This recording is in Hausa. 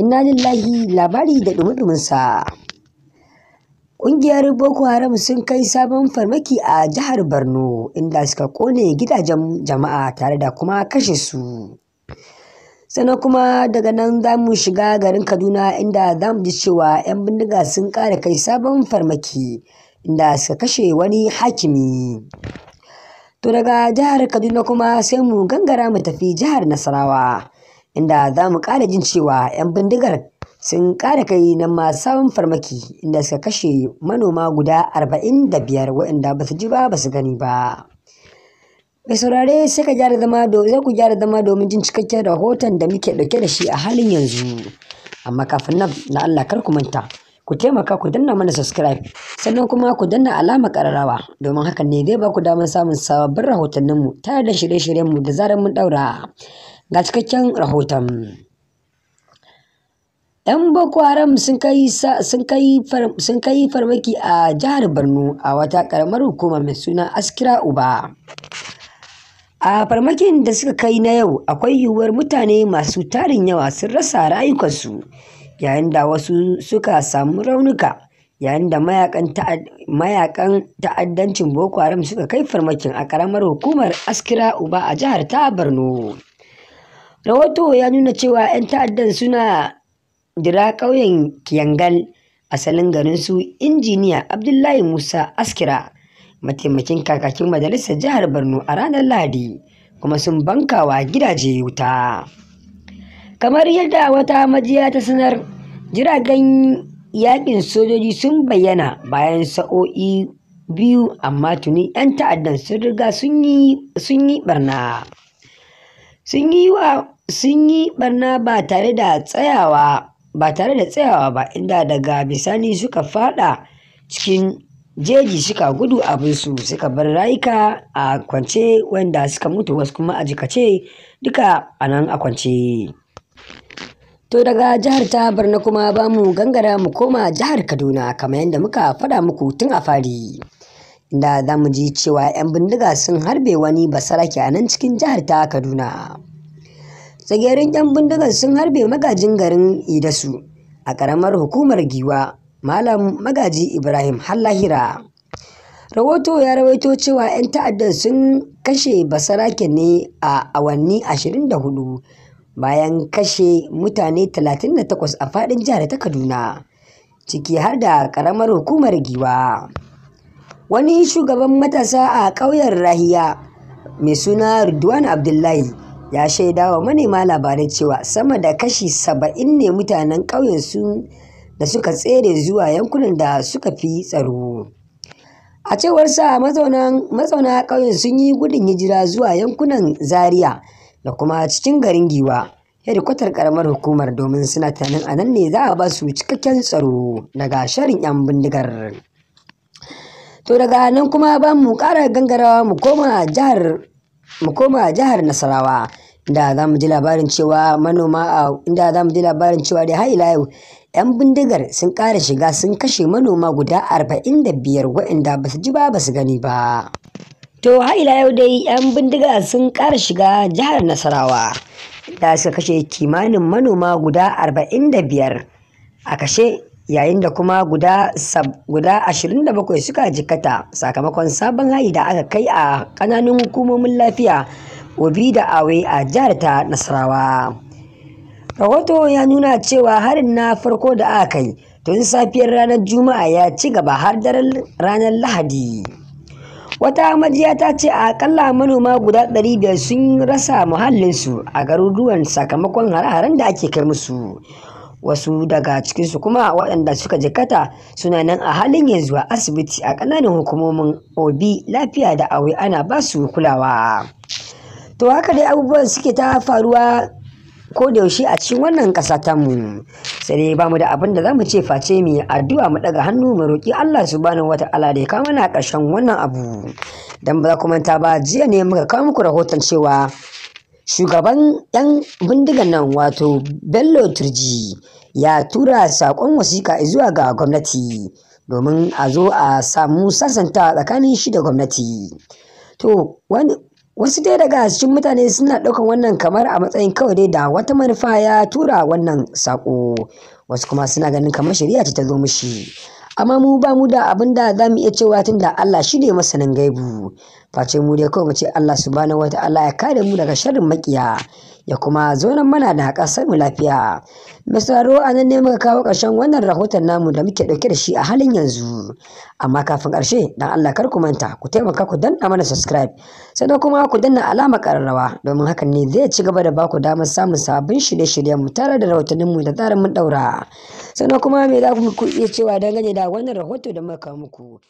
inna lillahi labari da sa Ƙungiyar Boko Haram sun kai sabon farmaki a jihar Borno inda suka kone gidajen jama'a tare da kuma kashe su. Sannan kuma daga nan za mu shiga garin Kaduna inda za mu ji cewa 'yan bindiga sun ƙara kai sabon farmaki inda suka kashe wani hakimi. To daga jihar Kaduna kuma sai mu gangara mu tafi jihar Nasarawa. inda za mu ƙara jin cewa 'yan bindigar sun ƙara kai na ma farmaki inda suka kashe manoma guda 45 waɗanda ba su ji ba su gani ba. Mai saurare sai ka gyara zama zai ku gyara zama domin jin cikakken rahoton da muke ɗauke da shi a halin yanzu. Amma kafin nan na Allah kar ku manta ku taimaka ku danna mana subscribe sannan kuma ku danna alama kararrawa domin hakan ne zai ba ku damar samun sababbin rahotanninmu tare da shirye-shiryenmu da zarar mun ɗaura. Ga cikakken rahoton. 'Yan Boko Haram sun kai farmaki a jihar Borno a wata ƙaramar hukuma mai suna Askira Uba. A farmakin da suka kai na yau akwai yiwuwar mutane masu tarin yawa sun rasa rayukansu yayin da wasu suka samu raunuka yayin da mayakan ta'addancin Boko Haram suka kai farmakin a ƙaramar hukumar Askira Uba a jihar ta Borno. Rahoto ya nuna cewa ‘yan ta'addan suna dira ƙauyen Kiyangal, asalin garinsu Injiniya Abdullahi Musa Askira, mataimakin kakakin majalisar jihar Borno a ranar Lahadi, kuma sun bankawa gidaje wuta. Kamar yadda wata majiya ta sanar, jiragen yakin sojoji sun bayyana bayan sa'o'i biyu amma tuni 'yan ta'addan sun riga sun yi barna. Sun yi barna ba tare da tsayawa ba, inda daga bisani suka faɗa cikin jeji suka gudu abinsu, suka bar rayuka a kwance wanda suka mutu wasu kuma a jikace duka a nan a kwance. To daga jihar ta barna kuma bamu gangara mu koma jihar Kaduna kamar yadda muka faɗa muku tun a fari. inda za mu ji cewa 'yan bindiga sun harbe wani basarake a nan cikin jihar ta kaduna tsagerin 'yan bindigar sun harbe magajin garin idasu a ƙaramar hukumar giwa malam magaji ibrahim hallahira rahoto ya rawaito cewa 'yan ta'addar sun kashe basarake ne a awanni 24 bayan kashe mutane 38 a faɗin jihar ta kaduna ciki har da ƙaramar hukumar giwa wani shugaban matasa a ƙauyen rahiya mai suna Ridwan Abdullahi ya shaida wa manema labarai cewa sama da kashi saba'in ne mutanen ƙauyen sun da suka tsere zuwa yankunan da suka fi tsaro. A cewar sa mazauna ƙauyen sun yi gudun hijira zuwa yankunan Zaria da kuma cikin garin Giwa, hedikwatar ƙaramar hukumar domin suna tanin anan ne za a ba su cikakken tsaro daga sharin 'yan bindigar. To daga nan kuma ba mu ƙara gangarawa mu koma jihar mu koma jihar Nasarawa inda za mu ji labarin cewa manoma a inda za mu ji labarin cewa dai har yau 'yan bindigar sun ƙara shiga sun kashe manoma guda 45 waɗanda ba su ji ba ba su gani ba. To har ila yau dai 'yan bindiga sun ƙara shiga jihar Nasarawa da suka kashe kimanin manoma guda 45 a kashe yayin da kuma guda 27 suka jikata sakamakon sabon hari da aka kai a kananan hukumomin lafiya obi da awe a jihar ta nasarawa rahoto ya nuna cewa harin na farko da aka kai tun safiyar ranar juma'a ya ci gaba har daren ranar lahadi wata majiya ta ce a akalla manoma guda 500 sun rasa muhallinsu a garuruwan sakamakon hare-haren da ake kai musu wasu daga cikinsu kuma waɗanda suka jikata suna nan a halin yanzu a asibiti a ƙananan hukumomin obi lafiya da aure ana ba su kulawa to haka dai abubuwan suke ta faruwa ko da yaushe a cikin wannan ƙasa ta mu sai dai bamu da abin da zamu ce face mu addu'a mu daga hannu mu roki Allah subhanahu wataala da ya kawo mana ƙarshen wannan abu dan ba za ku manta ba jiya ne muka kawo muku rahoton cewa Shugaban 'yan bindigan nan wato Bello Turji ya tura saƙon wasiƙa zuwa ga gwamnati domin a zo a samu sasantawa tsakanin shi da gwamnati. To wasu dai daga cikin mutane suna ɗaukan wannan kamar a matsayin kawai dai da wata manufa ya tura wannan saƙo, wasu kuma suna ganin kamar shari'a ce ta zo mishi. amma mu ba mu da abin da za mu iya cewa tun da Allah shi ne masanin gaibu face mu dai kawai mu ce Allah subhanahu ta'ala ya kare mu daga sharrin maƙiya. ya kuma zonan mana da haƙa mu lafiya. Misraro a nan ne muka kawo ƙarshen wannan rahoton namu da muke ɗauke da shi a halin yanzu. Amma kafin ƙarshe dan Allah kar ku manta ku taimaka ku danna mana subscribe sannan kuma ku danna alama ƙararrawa domin hakan ne zai ci gaba da baku damar samun sabbin shirye-shiryen mu tare da rahotannin da tsarin mun ɗaura. Sannan kuma me za ku iya cewa dangane da wannan rahoton da muka kawo muku.